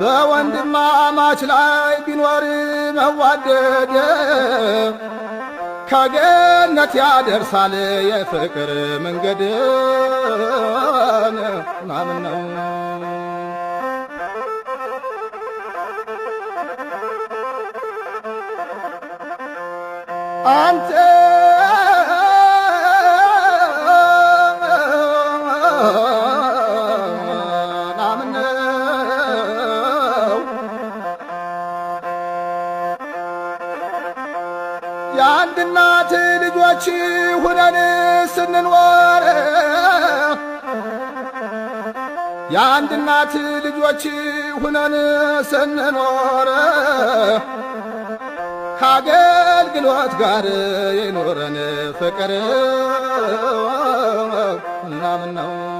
በወንድማማች ላይ ቢኖር መዋደድ ከገነት ያደርሳል የፍቅር መንገድ ምናምን ነው። አንተ የአንድ እናት ልጆች ሁነን ስንኖር የአንድ እናት ልጆች ሁነን ስንኖር ከአገልግሎት ጋር የኖረን ፍቅር ምናምን ነው።